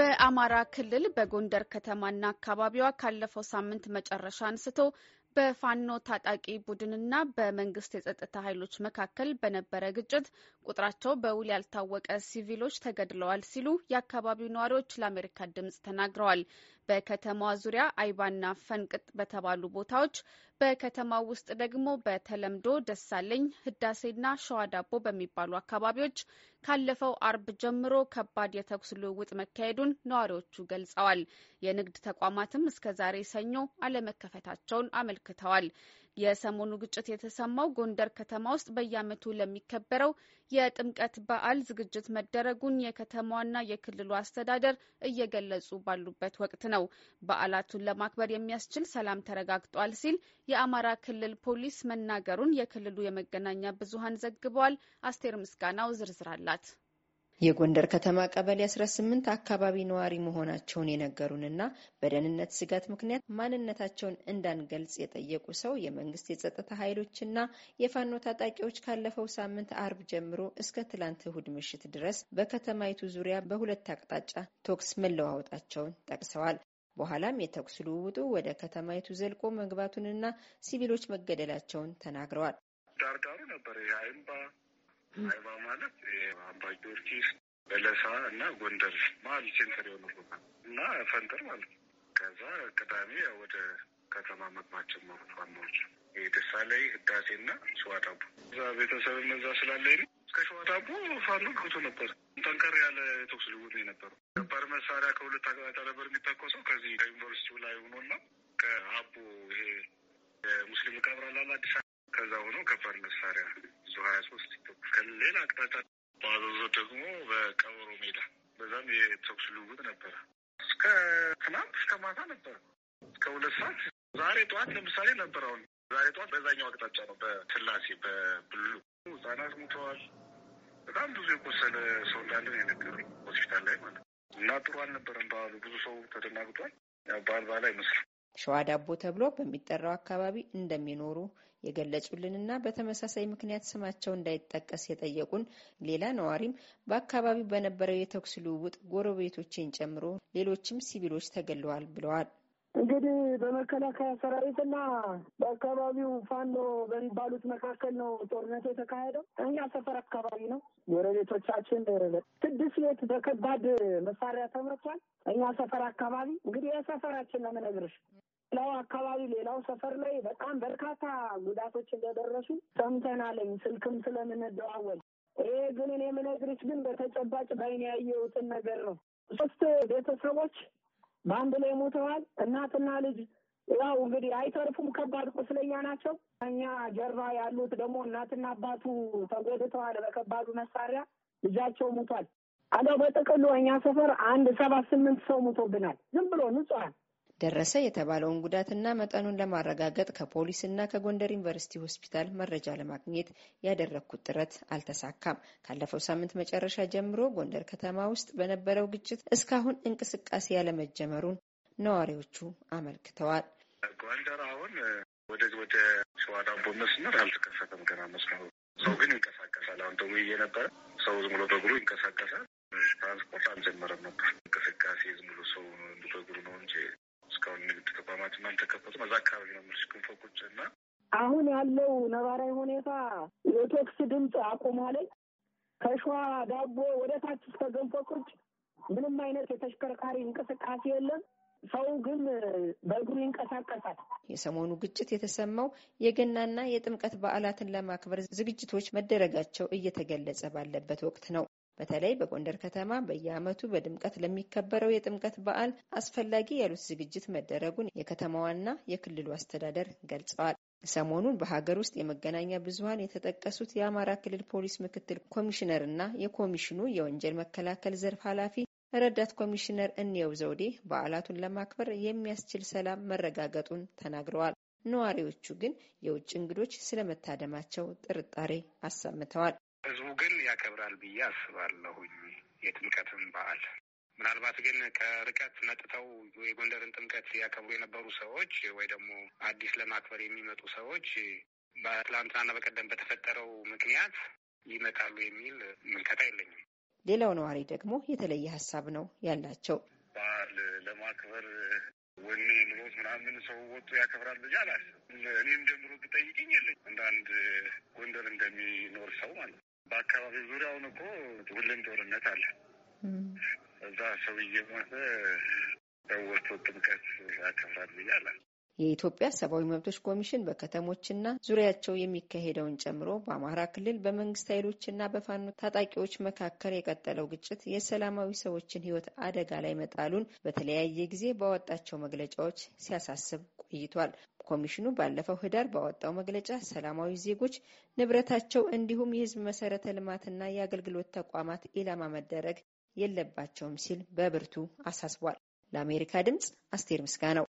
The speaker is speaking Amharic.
በአማራ ክልል በጎንደር ከተማና አካባቢዋ ካለፈው ሳምንት መጨረሻ አንስቶ በፋኖ ታጣቂ ቡድንና በመንግስት የጸጥታ ኃይሎች መካከል በነበረ ግጭት ቁጥራቸው በውል ያልታወቀ ሲቪሎች ተገድለዋል ሲሉ የአካባቢው ነዋሪዎች ለአሜሪካ ድምጽ ተናግረዋል። በከተማዋ ዙሪያ አይባና ፈንቅጥ በተባሉ ቦታዎች በከተማ ውስጥ ደግሞ በተለምዶ ደሳለኝ፣ ህዳሴና ሸዋ ዳቦ በሚባሉ አካባቢዎች ካለፈው አርብ ጀምሮ ከባድ የተኩስ ልውውጥ መካሄዱን ነዋሪዎቹ ገልጸዋል። የንግድ ተቋማትም እስከ ዛሬ ሰኞ አለመከፈታቸውን አመልክተዋል። የሰሞኑ ግጭት የተሰማው ጎንደር ከተማ ውስጥ በየዓመቱ ለሚከበረው የጥምቀት በዓል ዝግጅት መደረጉን የከተማዋና የክልሉ አስተዳደር እየገለጹ ባሉበት ወቅት ነው። በዓላቱን ለማክበር የሚያስችል ሰላም ተረጋግጧል ሲል የአማራ ክልል ፖሊስ መናገሩን የክልሉ የመገናኛ ብዙኃን ዘግበዋል። አስቴር ምስጋናው ዝርዝር አላት። የጎንደር ከተማ ቀበሌ 18 አካባቢ ነዋሪ መሆናቸውን የነገሩንና በደህንነት ስጋት ምክንያት ማንነታቸውን እንዳንገልጽ የጠየቁ ሰው የመንግስት የጸጥታ ኃይሎችና የፋኖ ታጣቂዎች ካለፈው ሳምንት አርብ ጀምሮ እስከ ትላንት እሁድ ምሽት ድረስ በከተማይቱ ዙሪያ በሁለት አቅጣጫ ቶክስ መለዋወጣቸውን ጠቅሰዋል። በኋላም የተኩስ ልውውጡ ወደ ከተማይቱ ዘልቆ መግባቱንና ሲቪሎች መገደላቸውን ተናግረዋል። ዳርዳሩ ነበር አይባ ማለት አምባ ጊዮርጊስ፣ በለሳ እና ጎንደር መሀል ሴንተር የሆነ ቦታ እና ፈንጠር ማለት ነው። ከዛ ቅዳሜ ወደ ከተማ መግባት ጀመሩ ፋኖች ላይ ህዳሴ እና ሸዋ ዳቦ እዛ ቤተሰብ መዛ ስላለኝ እስከ ሸዋ ዳቦ ፋኖ ገብቶ ነበር። ጠንከር ያለ ተኩስ ልውውጥ ነው የነበረው። ከባድ መሳሪያ ከሁለት አቅጣጫ ነበር የሚተኮሰው ከዚህ ከዩኒቨርሲቲው ላይ ሆኖ ሆኖና እንደዛ ሆኖ ከባድ መሳሪያ ብዙ ሀያ ሶስት ይተኩሳል። ሌላ አቅጣጫ በአዘዞ ደግሞ በቀበሮ ሜዳ በዛም የተኩስ ልውውጥ ነበረ። እስከ ትናንት እስከ ማታ ነበር፣ እስከ ሁለት ሰዓት። ዛሬ ጠዋት ለምሳሌ ነበር። አሁን ዛሬ ጠዋት በዛኛው አቅጣጫ ነው፣ በትላሴ በብሉ ህጻናት ሙተዋል። በጣም ብዙ የቆሰለ ሰው እንዳለ የነገሩ ሆስፒታል ላይ ማለት እና ጥሩ አልነበረም በዓሉ። ብዙ ሰው ተደናግጧል። ያው በዓል በዓል አይመስልም። ሸዋ ዳቦ ተብሎ በሚጠራው አካባቢ እንደሚኖሩ የገለጹልንና በተመሳሳይ ምክንያት ስማቸው እንዳይጠቀስ የጠየቁን ሌላ ነዋሪም በአካባቢው በነበረው የተኩስ ልውውጥ ጎረቤቶችን ጨምሮ ሌሎችም ሲቪሎች ተገለዋል ብለዋል። እንግዲህ በመከላከያ ሰራዊትና በአካባቢው ፋኖ በሚባሉት መካከል ነው ጦርነቱ የተካሄደው። እኛ ሰፈር አካባቢ ነው። ጎረቤቶቻችን ስድስት ቤት በከባድ መሳሪያ ተመቷል። እኛ ሰፈር አካባቢ እንግዲህ የሰፈራችን ነው የምነግርሽ። ሌላው አካባቢ ሌላው ሰፈር ላይ በጣም በርካታ ጉዳቶች እንደደረሱ ሰምተናለኝ፣ ስልክም ስለምንደዋወል። ይሄ ግን እኔ የምነግርሽ ግን በተጨባጭ ባይን ያየሁትን ነገር ነው። ሶስት ቤተሰቦች በአንድ ላይ ሞተዋል። እናትና ልጅ ያው እንግዲህ አይተርፉም። ከባድ ቁስለኛ ናቸው። እኛ ጀርባ ያሉት ደግሞ እናትና አባቱ ተጎድተዋል በከባዱ መሳሪያ። ልጃቸው ሙቷል። አለው በጥቅሉ እኛ ሰፈር አንድ ሰባት ስምንት ሰው ሙቶብናል። ዝም ብሎ ንጹሐን ደረሰ የተባለውን ጉዳትና መጠኑን ለማረጋገጥ ከፖሊስ ከፖሊስና ከጎንደር ዩኒቨርሲቲ ሆስፒታል መረጃ ለማግኘት ያደረግኩት ጥረት አልተሳካም። ካለፈው ሳምንት መጨረሻ ጀምሮ ጎንደር ከተማ ውስጥ በነበረው ግጭት እስካሁን እንቅስቃሴ ያለመጀመሩን ነዋሪዎቹ አመልክተዋል። ጎንደር አሁን ወደ ወደ ሸዋዳቦ መስመር አልተከፈተም ገና መስመሩ። ሰው ግን ይንቀሳቀሳል። አሁን ተውዬ ነበረ። ሰው ዝም ብሎ በእግሩ ይንቀሳቀሳል። ትራንስፖርት አልጀመረም ነበር እንቅስቃሴ ዝም ብሎ ሰው አልተከፈቱም። እዛ አካባቢ ነው የምልሽ ክንፈ እና አሁን ያለው ነባራዊ ሁኔታ የቶክስ ድምፅ አቁሟለኝ። ከሸዋ ዳቦ ወደ ታች እስከ ገንፎ ቁጭ ምንም አይነት የተሽከርካሪ እንቅስቃሴ የለም። ሰው ግን በእግሩ ይንቀሳቀሳል። የሰሞኑ ግጭት የተሰማው የገናና የጥምቀት በዓላትን ለማክበር ዝግጅቶች መደረጋቸው እየተገለጸ ባለበት ወቅት ነው። በተለይ በጎንደር ከተማ በየዓመቱ በድምቀት ለሚከበረው የጥምቀት በዓል አስፈላጊ ያሉት ዝግጅት መደረጉን የከተማዋና የክልሉ አስተዳደር ገልጸዋል። ሰሞኑን በሀገር ውስጥ የመገናኛ ብዙኃን የተጠቀሱት የአማራ ክልል ፖሊስ ምክትል ኮሚሽነር እና የኮሚሽኑ የወንጀል መከላከል ዘርፍ ኃላፊ ረዳት ኮሚሽነር እንየው ዘውዴ በዓላቱን ለማክበር የሚያስችል ሰላም መረጋገጡን ተናግረዋል። ነዋሪዎቹ ግን የውጭ እንግዶች ስለመታደማቸው ጥርጣሬ አሰምተዋል። ህዝቡ ግን ያከብራል ብዬ አስባለሁኝ የጥምቀትን በዓል። ምናልባት ግን ከርቀት መጥተው የጎንደርን ጥምቀት ያከብሩ የነበሩ ሰዎች ወይ ደግሞ አዲስ ለማክበር የሚመጡ ሰዎች በትላንትናና በቀደም በተፈጠረው ምክንያት ይመጣሉ የሚል ምልከታ የለኝም። ሌላው ነዋሪ ደግሞ የተለየ ሀሳብ ነው ያላቸው። በዓል ለማክበር ወኔ ምሎት ምናምን ሰው ወጡ ያከብራል ልጅ አላል እኔም ጀምሮ ብጠይቅኝ የለኝ አንዳንድ ጎንደር እንደሚኖር ሰው ማለት ነው በአካባቢ ዙሪያውን እኮ ሁሌም ጦርነት አለ። እዛ ሰውዬ ሞተ ወቶ ጥምቀት ያከፍራል ብያለ የኢትዮጵያ ሰብአዊ መብቶች ኮሚሽን በከተሞችና ዙሪያቸው የሚካሄደውን ጨምሮ በአማራ ክልል በመንግስት ኃይሎችና በፋኖ ታጣቂዎች መካከል የቀጠለው ግጭት የሰላማዊ ሰዎችን ሕይወት አደጋ ላይ መጣሉን በተለያየ ጊዜ ባወጣቸው መግለጫዎች ሲያሳስብ ቆይቷል። ኮሚሽኑ ባለፈው ህዳር ባወጣው መግለጫ ሰላማዊ ዜጎች ንብረታቸው እንዲሁም የህዝብ መሰረተ ልማትና የአገልግሎት ተቋማት ኢላማ መደረግ የለባቸውም ሲል በብርቱ አሳስቧል። ለአሜሪካ ድምፅ አስቴር ምስጋ ነው።